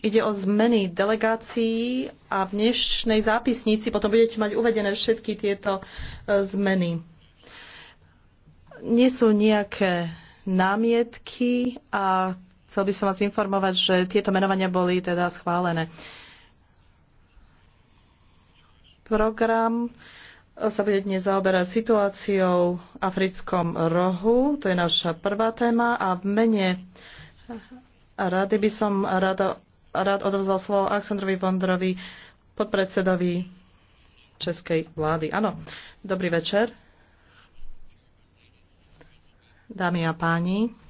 Ide o zmeny delegácií a v dnešnej zápisnici potom budete mať uvedené všetky tieto e, zmeny. Nie sú nejaké námietky a chcel by som vás informovať, že tieto menovania boli teda schválené. Program sa bude dnes zaoberať situáciou v africkom rohu. To je naša prvá téma a v mene rady by som rada rád odovzal slovo Aleksandrovi Vondrovi, podpredsedovi Českej vlády. Áno, dobrý večer. Dámy a páni,